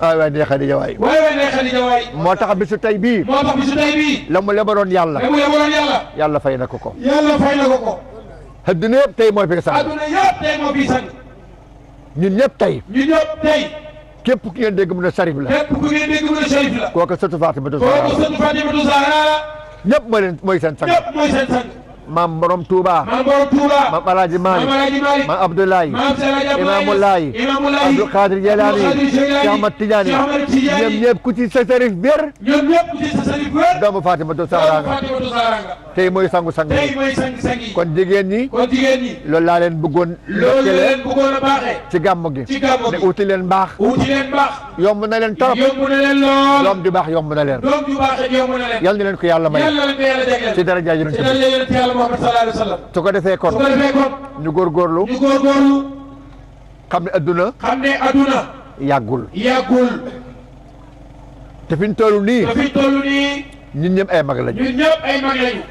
waay waay ndey Xadija waay moo tax bisu tey bii moo tax bisu tey la mu lebaloon yàlla la yàlla yàlla fay ko ko yàlla moo fi sang adduna yëpp tey moo fi sang ñun ñëpp tey ñun ñëpp tey képp ku ngeen dégg mu ne Sarif la képp ku la kooku sëtu Fatimatu Zahra kooku sëtu Fatimatu Zahra ñëpp sang ñëpp mooy seen sang Imam Borom Tuba Imam Borom Tuba Imam Abdullahi Imam Ulai Abdul Qadir Jalani Imam Tijani Imam Nyeb Kuti Sesarif Bir Imam Nyeb Kuti Sesarif Bir Dan Mufati Mato Saranga Tei Moi Sangu Sangi Tei Moi Sangi Sangi Kon Digen Ni Kon Digen Ni Lo La Len Bugun Lo La Len Bugun Bakhe eh. Cigam Mugi Cigam Mugi Ne Uti Len Bakh Uti Len Bakh Yom Muna Len Top Yom Muna Len Lom Lom Du Bakh Yom Muna Len Lom Du Bakh Yom Muna Len Yal Nilen Kuyala Mayan Yal Nilen Kuyala Degel Cidara Jajirun Cidara Jajirun Cidara Jajirun Muhammad su ko defee kon su ko defee kon ñu góorgóorlu ñu ne adduna xam ne adduna yàggul yàggul te fi ñu toll nii te fi ay mag lañu ñun ñëpp ay mag lañu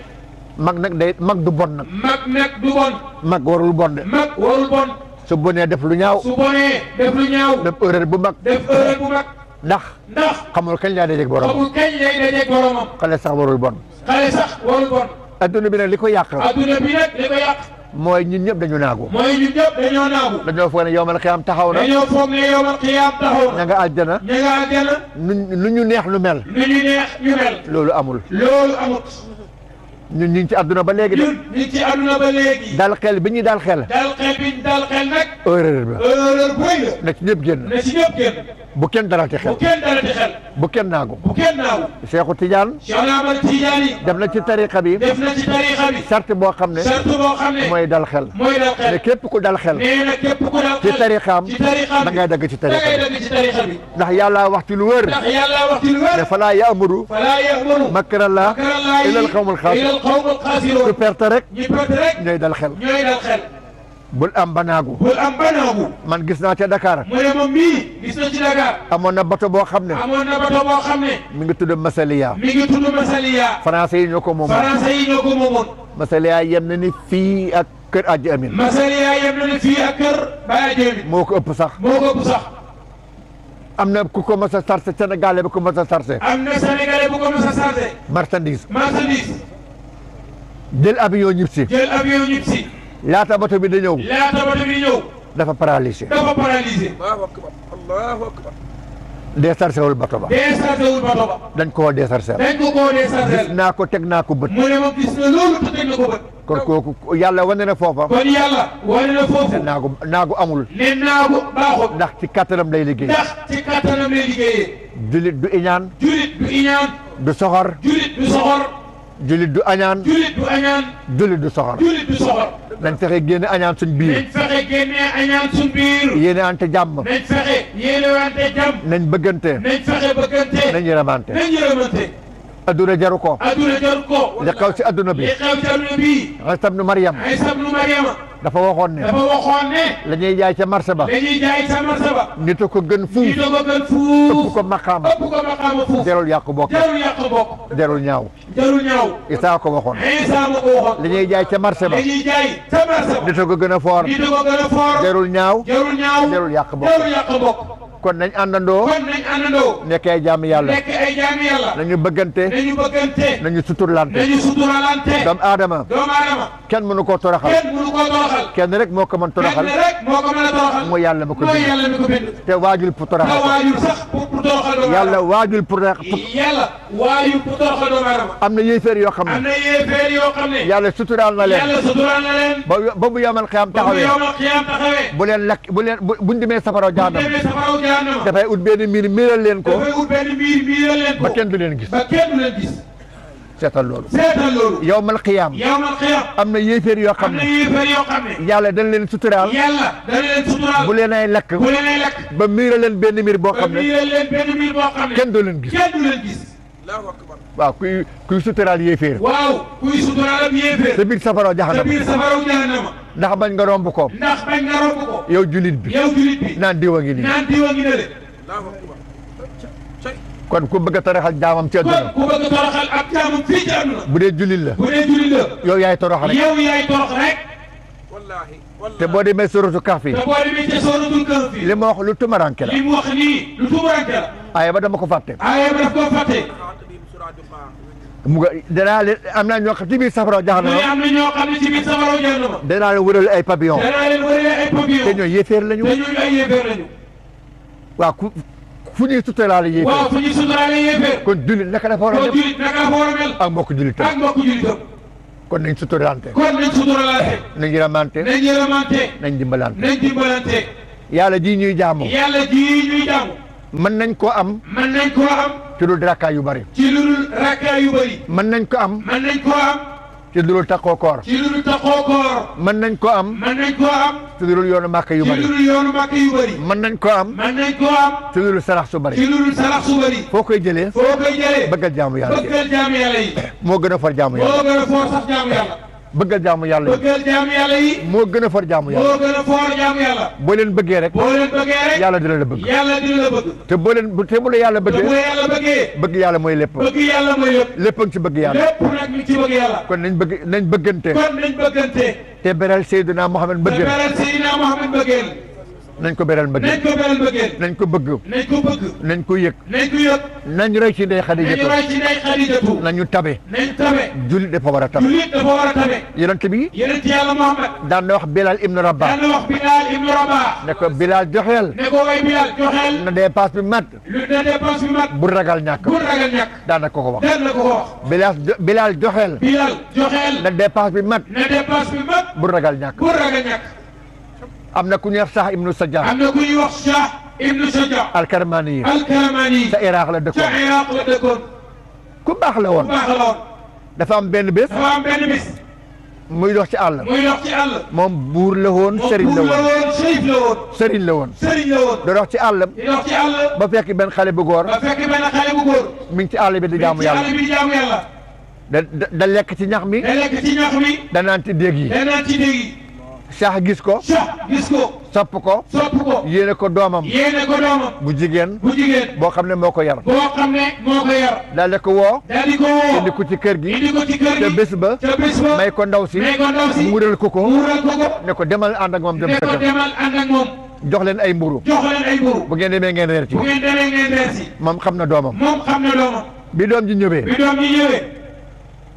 mag nag day mag du bon nag mag nag du bon mag warul bon mag warul bon su bonee def lu ñaaw su bonee def lu ñaaw def erreur bu mag def erreur bu mag ndax ndax xamul kañ lay dajeeg boromam xamul sax warul bon xale sax warul bon adduna bi nag li ko yàq. adduna bi nag li ko yàq. mooy ñun ñëpp dañu naagu. mooy ñun ñëpp dañoo naagu. dañoo foog taxaw na. dañoo foog taxaw na. ña nga nu ñu neex lu mel. nu ñu neex ñu mel. loolu amul. loolu amut. ñu ngi ci àdduna ba léegi dal xel bi ñuy dal xel. dal xel bi ñu dal xel bu rëy na ci ñëpp génn. na ci ñëpp génn. bu kenn dalati xel kenn dalati xel. bu kenn naagu. bu kenn naagu. Cheikhou ci tariqa bi. boo xam ne. mooy dal xel. mooy dal xel ne képp ku dal xel. ci tariqaam. dagg ci tariqa ndax yàlla wax ci lu wër. ndax yàlla wax ci xel. bul am banaagu. bul am banaagu. man gis naa ca Dakar. mu moom mii gis na ci Dakar. amoon na bato boo xam ne. amoon na bato boo xam ngi tudd Masaliya. mi yi ñoo ko moomoon. français yi ñoo ko moomoon. Masaliya yem na ni fii ak kër Adji Amin. Masaliya yem na ni fii ak kër Baye Adji Amin. moo ko ëpp sax. moo ko ëpp sax. am na ku ko mos a sarse Sénégalais bu ko mos sarse. am na Sénégalais bu ko mos sarse. marchandise. marchandise. jël avion ñibbi laata bato bi da ñëw. laata dafa paralysé. dafa paralysé. allahu bato ba. déchargé bato ba. dañ koo déchargé. ko koo déchargé. naa ko teg naa ko bët. mu ne ma gis na loolu te teg na ko bët. kon kooku yàlla wane na foofa. kon yàlla wane na foofu. naagu naagu amul. ne naagu baaxul. ndax ci kattanam lay liggéey. ndax ci kattanam lay liggéeyee. du iñaan. du soxor. du soxor. julit du añaan julit du añaan julit du soxor julit du soxor nañ fexe génne añaan suñ biir nañ ante jàmm nañ fexe yéene ante jàmm nañ bëggante nañ fexe bëggante nañ yërëmante nañ adduna jaru ko. adduna jaru ko. li xew ci adduna bi. li xew ci adduna bi. Iisa bnu Maryam. Iisa bnu Maryam. dafa waxoon ne. dafa waxoon ne. la ñuy jaay ca marché ba. la ñuy jaay ca marché ba. nit a ko gën fuuf. nit a ko gën fuuf. ëpp ko maqaama. ëpp ko maqaama fuuf. jarul yàq bokk. jarul yàq bokk. jarul ñaaw. jarul ñaaw. Iisa ko waxoon. Iisa ma ko waxoon. la ñuy jaay ca marché ba. la ñuy jaay ca marché ba. nit a ko gën a foor. nit a ko gën a foor. jarul ñaaw. jarul ñaaw. jarul yàq bokk. jarul yàq bokk. kon nañ àndandoo. kon nañ nekk ay jaami yàlla. nekk ay jaami yàlla. nañu bëggante. nañu bëggante. nañu suturlante. nañu suturlante. doomu aadama. kenn mënu ko mën toroxal. kenn rek moo ko mën a toroxal. mooy yàlla mi ko bind. te waajul pour toroxal. sax pour. يلا واجل بريق يلا واجل بريق أمن يفير يقمن أمن يفير يقمن يلا سطران لين يلا سطران لين بب يوم القيامة تخوي يوم القيامة تخوي بولين لك بولين بندم سفر وجانم بندم سفر وجانم دفع أود بيني مير مير لينكو دفع أود بيني مير مير لينكو بكين دلين جس بكين دلين جس seetal loolu seetal loolu yawmal qiyaam am na yéeféer yoo xam ne am na leen suturaal yàlla dañ leen bu leen ay lakk bu leen ay lakk ba miira leen benn miir boo xam ne ba miira gis kenn du gis waaw kuy kuy suturaal yéeféer waaw kuy suturaal am yéeféer sa safaroo jaxanama ndax bañ nga romb ko ndax bañ nga romb ko yow julit bi naan diwa ngi naan diwa ngi ne kon ku bëgg a toroxal jaamam ci àdduna ku bëgg a toroxal ab fii ci àdduna bu dee jullit la bu yow yaay torox rek yow yaay torox rek wallaahi te boo demee sóoratu kahfi te li ma wax lu tumaranke la li mu wax lu tumaranke la aaya ba dama ko fàtte aaya ba daf ko fàtte mu nga danaa leen am safara jaxanama am fu ñuy suturaale yéeféer waaw kon jullit naka dafa war a mel kon jullit naka dafa ak mbokk jullitam ak kon nañ suturalante kon nañ suturalante nañ yërëmante nañ yërëmante nañ yàlla ji ñuy jaamu yàlla ji ñuy jaamu mën nañ ko am mën nañ koo am ci dul rakkaa yu bari ci dul rakkaa yu bari mën nañ ko am mën nañ koo am ci dulul takkoo koor ci dulul takkoo koor mën nañ ko am mën nañ ko am ci dulul yoonu màkk yu bëri ci dulul yoonu màkk yu bëri mën nañ ko am mën nañ ko am ci dulul sarax su bëri ci dulul sarax su bëri foo koy jëlee foo koy jëlee bëggal jaamu yàlla bëggal jaamu yàlla yi moo gën a for jaamu yàlla moo gën a for sax jaamu yàlla bëggal jaamu yàlla yi yàlla yi moo gën a for jaamu yàlla moo gën a for jaamu yàlla leen bëggee rek yàlla dina la bëgg te boo leen te bu la yàlla bëggee bu yàlla bëggee bëgg yàlla mooy lépp bëgg yàlla mooy lépp lépp ci bëgg yàlla lépp nag mi ci bëgg yàlla kon nañ bëgg nañ bëggante kon nañ bëggante te beral nañ ko beral mbëggeel nañ ko beral mbëggeel nañ ko bëgg nañ ko bëgg nañ ko yëg nañ xadijatu nañ tabe nañ tabe jullit dafa war a tabe jullit dafa war a tabe yonent bi yonent Muhammad daan na wax Bilal ibnu Rabah daan na wax Bilal ibnu Rabah ne ko bu ragal ñàkk bu ragal ñàkk daan na ko am na ku ñuy wax sax ibnu Sajjaar. am na ku ñuy wax sax ibnu Sajjaar. alkarmaani. alkarmaani. sa Iraq la dëkkoon sa Iraq la dëkkoon. ku baax la woon ku baax la woon. dafa am benn bés. dafa am benn bés. muy dox ci àll. muy dox ci àll. moom buur la woon sëriñ la woon sëriñ la woon. sëriñ la woon. sëriñ la woon. da dox ci àll. di dox ci àll. ba fekk benn xale bu góor. ba fekk benn xale bu góor. mi ngi ci àll bi di jaamu yàlla mi ngi ci àll bi di jaamu yàlla. da da lekk ci ñax mi. da lekk ci ñax mi. da naan ci déeg yi. da naan ci déeg yi. Cheikh gis ko Cheikh gis ko sop ko sop ko yene ko domam yene ko domam bu jigen bu jigen bo xamne moko yar bo xamne moko yar dal ko wo dal ko wo indi ko ci kergi indi ko ci kergi te bes ba te bes ba may ko ndaw si may ko ko ko ko ko ne ko demal and mom dem ko demal and ak mom jox len ay mburu jox len ay mburu bu ngeen demé ngeen reer ci bu ngeen demé ngeen reer ci mom xamna domam mom xamna domam bi dom ji ñëwé bi dom ji ñëwé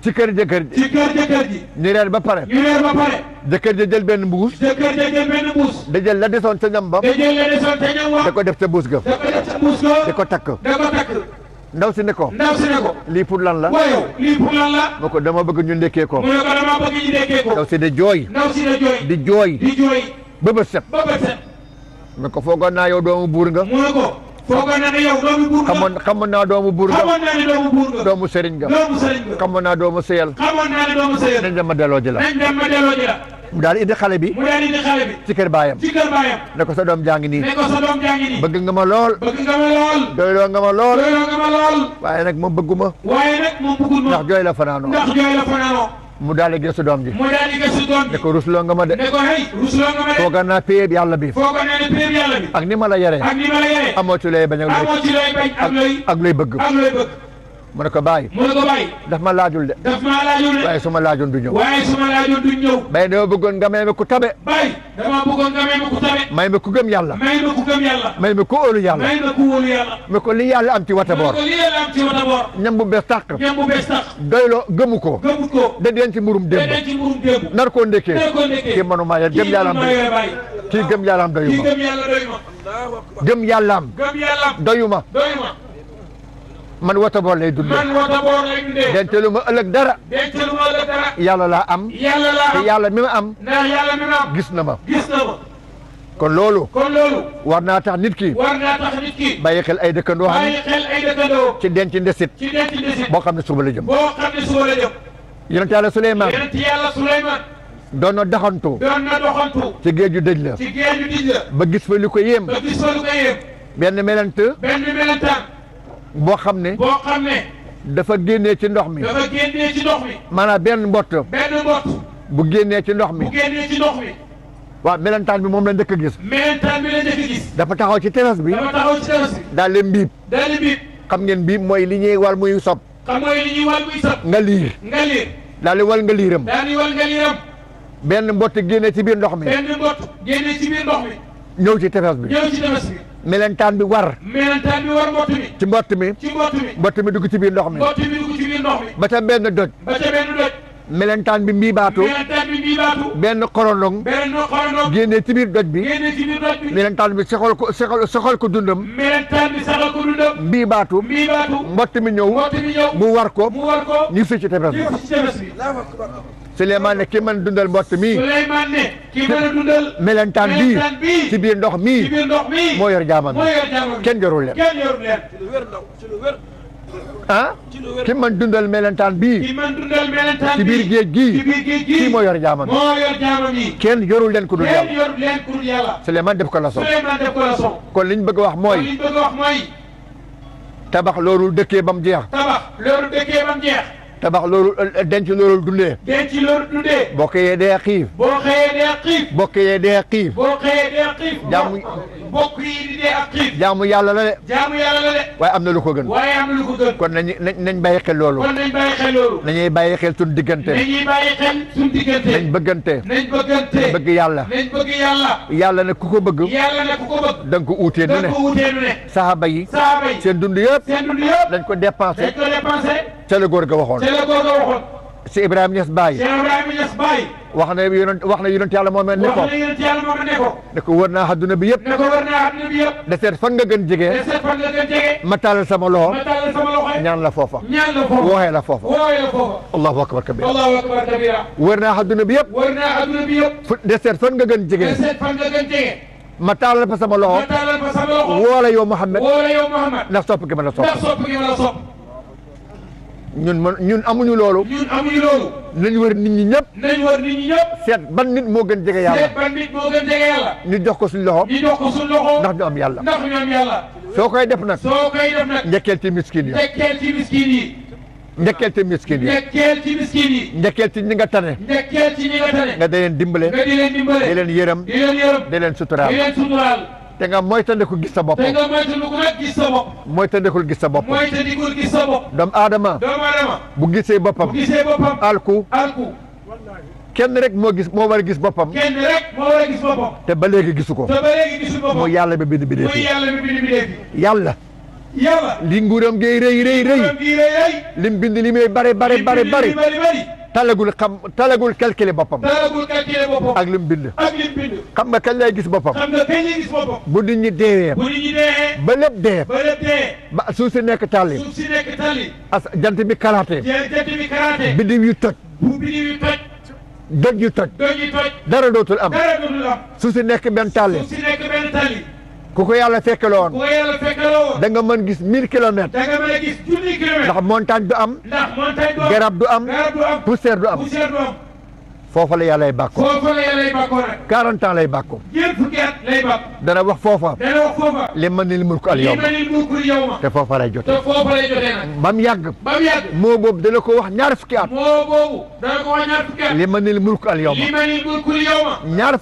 ci kër jëkkër ji ci kër jëkkër ji ñu reer ba pare ñu reer ba pare jëkkër ji jël benn mbuus jëkkër ji jël benn mbuus da jël la desoon ca ñam ba da jël la desoon ca ñam ba da ko def ca mbuus ga da ko def ca mbuus ga da ko takk da ko takk ndaw si ne ko ndaw si ne ko lii pour lan la waaw lii pour lan la ma ko dama bëgg ñu ndekkee ko mu ne ko dama bëgg ñu ndekkee ko ndaw si da jooy ndaw si da jooy di jooy di jooy ba ba set ba ba set ma ko foogoon naa yow doomu buur nga mu ne ko foogoon na ne yow doomu buur nga naa doomu buur nga xamoon naa ne doomu buur doomu sëriñ nga naa doomu sëyal xamoon naa doomu sëyal nañ dem ma delloo ji la nañ mu daal indi xale bi mu daal indi xale bi baayam ci kër baayam ne ko sa jaa ngi nii bëgg nga ma lool bëgg nga ma lool doyloo nga ma lool doyloo waaye nag moom bëggu ma waaye nag moom jooy la fanaanoo mu daal di gëstu doom ji mu daal di doom ji ne ko rusloo de ne ko hey rusloo nga ma de fooga naa péyeb yàlla bi fooga ne péyeb yàlla bi ak ni ma la yare ak ni ma la ak looy bañ ak looy bëgg mu ne ko bàyyi mu ne ko bàyyi daf ma laajul de daf ma laajul de waaye su ma laajoon du ñëw waaye su ma laajoon du ñëw bàyyi dama bëggoon nga may ma ku tabe bàyyi dama bëggoon nga may ma ku tabe may ma ku gëm yàlla may ma ku gëm yàlla may ma ku óolu yàlla may ma ku óolu yàlla ma ko li yàlla am ci wata boor ma ko li yàlla am ci wata boor ñam bu bees tàq ñam bu bees tàq doyloo gëmu ko gëmu ko da deen ci murum démb da deen ci murum démb nar koo ndékkee nar koo ndékkee kii mënu maa gëm yàlla am kii gëm yàlla am doyuma gëm yàlla doyuma gëm yàlla am doyuma doyuma man wata bool lay dundee man wata lu ma ëllëg dara. denc lu ma ëllëg dara. yàlla laa am. yàlla laa am mi am. gis na ma gis na ma. kon loolu. kon naa tax nit ki. war naa tax nit ki. bàyyi xel ay dëkkandoo. bàyyi xel ay dëkkandoo. ci denc ndesit. ci ndesit. boo xam ne suba la jëm. boo xam ne suba la jëm. yonent yàlla Suleymaan. yonent yàlla Suleymaan. doon na doxantu. doon na doxantu. ci géeju dëj la. ci géeju dëj la. ba gis fa lu ko yéem. ba gis fa boo xam ne. boo dafa génnee ci ndox mi. dafa génnee ci ndox mi. maanaam benn mbott. benn mbott. bu génnee ci ndox mi. bu waaw melentaan bi moom la njëkk a gis. melentaan bi la njëkk a gis. dafa taxaw ci terrasse bi. dafa daal di mbiib. daal di mbiib. xam ngeen mbiib mooy li ñuy wal muy sob. xam mooy li ñuy wal muy sob. nga liir. nga liir. daal di wal nga daal di wal nga benn mbott génnee ci biir ndox mi. ñëw ci tefes bi. bi. melentaan bi war. melentaan bi war mbott mi. ci mbott mi. ci mbott ci biir ndox mi. mbott mi dugg ndox mi. ba ca benn doj. melentaan bi mbii baatu. melentaan bi mbii baatu. benn doj bi. génnee bi. melentaan bi soxal ko soxal mi ñëw. mu war ko. mu ci tefes bi. Souleymane ne ki mën a dundal dundal. melentaan bii bii ci biir ndox mii. moo yor jaamam bi kenn yorul ah? dundal melentaan bii. ci biir géej gii. moo yor jaamam bi. yor jaamam bi. kenn yorul leen ku dul yàlla. kenn ko la son. def ko la son. bëgg a wax mooy. kon li tabax loolu dëkkee ba mu jeex. tabax loolu dëkkee ba mu jeex. tabax loolu euh, denc loolu dundee. denc loolu dundee. boo xëyee dee xiif. boo xëyee dee xiif. boo xëyee dee xiif. boo xëyee dee xiif. jaamu bokk yi di dee ak xiif. jaamu yàlla la de. jaamu yàlla la de. waaye am na lu ko gën. waaye am na lu ko gën. kon nañu nañ bàyyi xel loolu. kon nañ bàyyi xel loolu. nañuy bàyyi xel suñu diggante. nañuy bàyyi xel suñu diggante. nañ bëggante. nañ bëggante. bëgg yàlla. nañ bëgg yàlla. yàlla nag ku ko bëgg. yàlla nag ku ko bëgg. da nga ko uutee nu ne. da nga ko uutee nu ne. saxaaba yi. saxaaba yi seen dund yëpp. seen dund yëpp. dañ ko dépensé. dañ ko dépensé. ca la góor ga waxoon ca la góor ga waxoon si Ibrahima Niass Baye si Ibrahima Niass Baye wax na yonent wax na yonent yàlla moom ne ko wax na yonent yàlla moom ne ko ne ko wër naa adduna bi yëpp ne ko wër naa adduna bi yëpp de seet fan nga gën jege de seet fan nga gën jege ma taalal sama loxo ma taalal sama loxo ñaan la foofa ñaan la foofa wooxee la foofa wooxee la foofa allahu akbar kabira allahu akbar kabira wër naa adduna bi yëpp wër naa adduna bi yëpp de seet fan nga gën jege de seet fan nga gën jege ma taalal fa sama loxo ma taalal fa sama loxo woo la yow Muhammad woo la yow Muhammad ndax sopp gi ma la sopp ndax sopp gi ma la sopp ñun ñun amuñu loolu. ñun amuñu loolu. nañ wër nit ñi ñëpp. nañ wër nit ñi ñëpp. seet ban nit moo gën jege yàlla. nit jox ko suñu loxo. ñu jox ko suñu loxo. ndax ñu am yàlla. ndax ñu am yàlla. soo koy def nag. soo koy def ci miskin yi. ndekkeel ci miskin yi. ndekkeel ci ñi nga tane. ndekkeel ci ñi nga tane. leen dimbale. nga di leen dimbale. di leen yërëm. di leen suturaal. te nga moytandiku gis sa bopp. te nga moytandiku nag gis sa bopp. moytandikul doomu aadama. bu gisee boppam. bu gisee boppam. alku. alku. kenn rek moo gis moo war gis boppam. kenn rek gis boppam. te ba léegi ko. te ba léegi gisu boppam. mooy bi bind bi dee yàlla bi bind bi dee fi. yàlla. yàlla. li nguuram ngay lim bind li bare bare bare bare. talagul xam talagul calculer boppam. talagul calculer ak lim bind. ak lim bind. xam nga kañ lay gis boppam. xam nga kañ bu nit ñi deewee. bu nit ñi deewee. ba lépp dee. ba lépp nekk tàlli. suuf si nekk tàlli. as jant bi kalaatee. jant yu toj. bu biddiw yu toj. doj yu toj. dara dootul am. dara si nekk benn tàlli. ku ko yàlla fekkeloon ku ko da nga mën gis mille kilomètres da mën gis junni montagne du am ndax garab du am am poussière du am foofa la yàlla lay bàkkoo foofa lay bàkkoo nag. 40 ans lay bàkkoo. yéen wax foofa. li mën nañu mulku al yow te foofa lay jotee. te yàgg. moo boobu dana ko wax ñaar fukki at. moo boobu dana ko wax ñaar fukki at. mën nañu mulku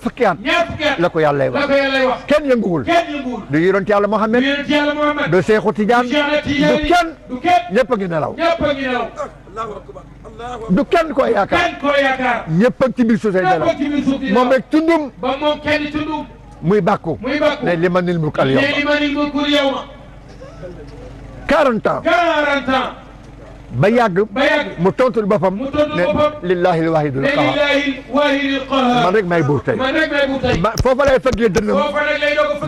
fukki at. ñaar ko yàlla lay wax. la ko yàlla lay wax. kenn yënguwul. kenn du yonent yàlla Muhammad. du du Seexu Tijaan. du kenn. du kenn. nelaw. du kenn koo yaakaar kenn koo yaakaar. ñëpp ak ci biir suuf si moom rek tundum. ba moom tundum. muy bàkku. ne limanil mulk mulk al yawma. 40 ba yàgg mu tontul boppam ne lillahi lwahidul qahar man rek may buur tey foofa lay fëggee dënam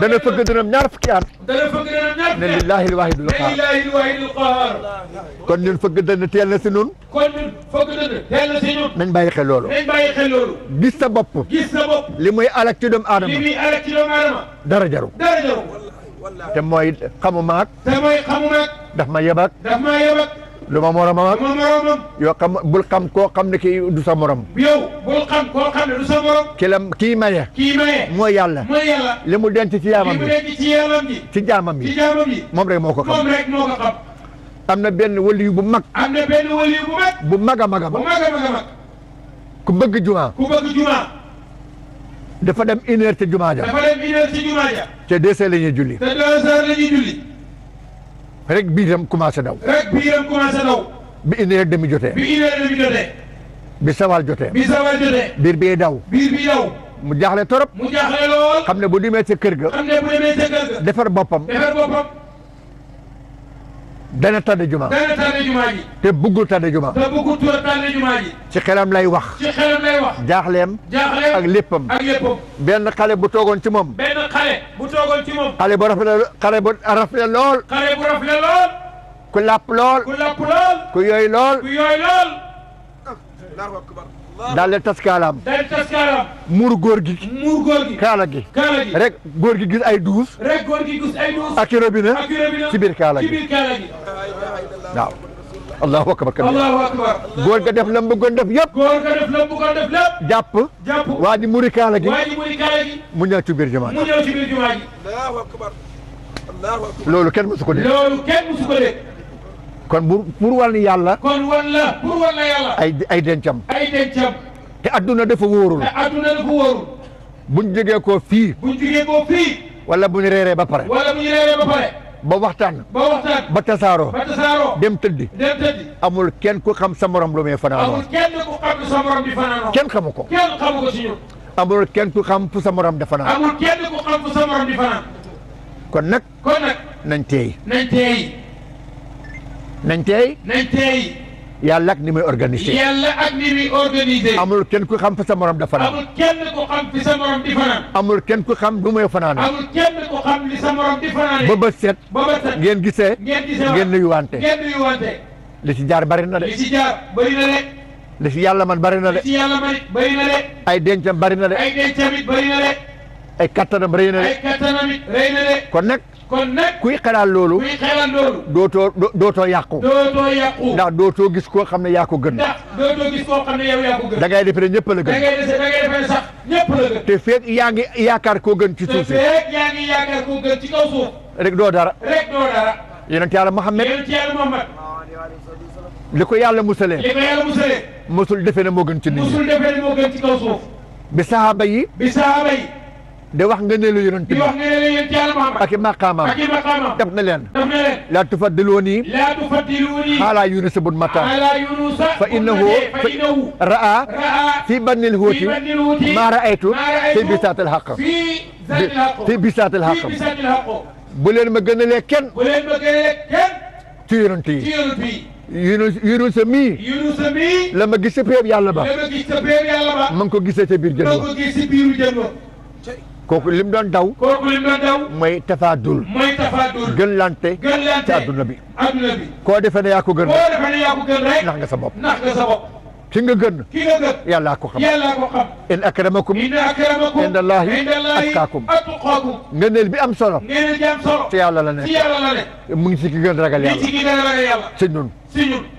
dana fëgg dënam ñaar fukki at ne lillahi lwahidul qahar kon ñun fëgg dënn teel na si nun nañ bàyyi xel loolu gis sa bopp li muy alak ci doomu aadama dara jaru te mooy xamu maag daf ma yebak lu ma moromam ma moromam. yoo xam bul xam koo xam ne kii du sa morom. bul xam koo xam ne du sa morom. ki la kii maye. kii maye mooy yàlla. mooy yàlla mu denc ci ci jaamam bi ci jaamam bi. moom rek moo ko xam am na benn waliyu bu mag. na benn waliyu bu mag. bu mag a mag a mag. ku bëgg jumaa. dafa dem une heure ci jumaa ja. dafa dem une heure julli. te deux heures la julli. rek biiram commencé daw. rek biiram commencé daw. bi une heure demi jotee. bi une heure demi jotee. bi sawal jotee. biir bi daw. biir bi daw. mu jaaxle torop. mu jaaxle lool. xam ne bu demee ca kër ga. defar boppam. dana tànn juma. dana tànn juma ji. te bëggul tànn juma. te bëggul tànn juma ji. ci xelam lay wax. ci xelam lay wax. jaaxleem. jaaxleem ak léppam. bu toogoon ci moom. benn xale bu toogoon ci moom. xale bu rafet xale bu bu rafet lool. ku làpp lool. ku yooy lool. daal di tas kaalaam. daal di tas gi. góor gi kaala rek góor gi ay duus. rek góor gi ay duus. ak robinet ak robinet ci biir kaala gi ci biir gi. waaw. allahu akbar kabir def lam bëggoon def yëpp. góor def lam bëggoon def lépp. jàpp. jàpp waa ji muri kaala gi. waa muri kaala gi. mu ñëw ci biir jumaa ji. mu kon bu pour wal ni yàlla. kon wan la pour wal na yàlla. ay ay dencam. te adduna dafa wóorul. te adduna dafa wóorul. buñ jógee koo fii. buñ jógee koo fii. wala bu ñu reeree ba pare. wala bu ñu waxtaan. ba waxtaan ba tasaaroo. dem tëddi. amul kenn ku xam sa morom lu muy fanaanoo. amul kenn ku xam sa di fanaanoo. kenn xamu ko. kenn xamu ko si ñun. amul kenn ku xam fu sa morom di fanaan. amul kenn ku xam fu sa di fanaan. kon nag. kon nag nañ teey. nañ teey. nañ teey nañ teey yàlla ak ni muy organisé amul kenn ku xam fi sa morom da fanaan amul kenn ku xam fi sa morom di fanaan amul lu muy fanaan amul set ngeen gisee ngeen gisee ngeen nuyuwante li si jaar bari na de li si jaar bari de li si yàlla man bari na de li bari na de ay dencam bari de ay kattanam rëy na de kon nag kon nag kuy xalaat loolu. kuy xalaat loolu. dootoo dootoo yàqu. dootoo yàqu. ndax dootoo gis koo xam ne yaa ko gën. ndax dootoo gis koo xam ne yow yaa ko gën. da ngay defe ne ñëpp la gën. da ngay defe da ngay defe sax ñëpp la gën. te feeg yaa ngi yaakaar koo gën ci suuf si. te feeg yaa ngi yaakaar koo gën ci kaw suuf. rek doo dara. rek doo dara. yonent yàlla Muhammad. yonent yàlla Muhammad. li ko yàlla musalee. li ko yàlla musalee. musul defe ne moo gën ci nit ñi. musul defe ne moo gën ci kaw suuf. bi sahaaba yi. bi sahaaba yi. di wax nga ne la yonent bi di wax nga la yonent yàlla na leen def na leen laa tufaddiluuni laa tufaddiluuni xaalaa Yunus bun Matta xaalaa Yunus fa innahu fa innahu fi bannil huuti fi bisaatil xaq fi ma gënalee kenn bu leen ma Yunus Yunus la ma gis sa péeb yàlla ma gis ko gisee ca biir jën kooku lim doon daw. kooku lim doon daw. mooy tafaadul. mooy tafaadul. gën lante. gën lante ci adduna bi. adduna bi. koo defee ne yaa ko gën. koo defee ne yaa ko gën rek. nax nga sa bopp. nax nga sa bopp. ki nga gën. ki nga gën. yàllaa ko xam. yàllaa ko xam. in akramakum. in akramakum. indallaahi. indallaahi atqaakum. atqaakum. ngëneel bi am solo. ngëneel bi am solo. ci yàlla la nekk. ci yàlla la nekk. mu ngi ci ki gën ragal yàlla. mu ngi ci ki gën ragal yàlla. ci ñun. ci ñun.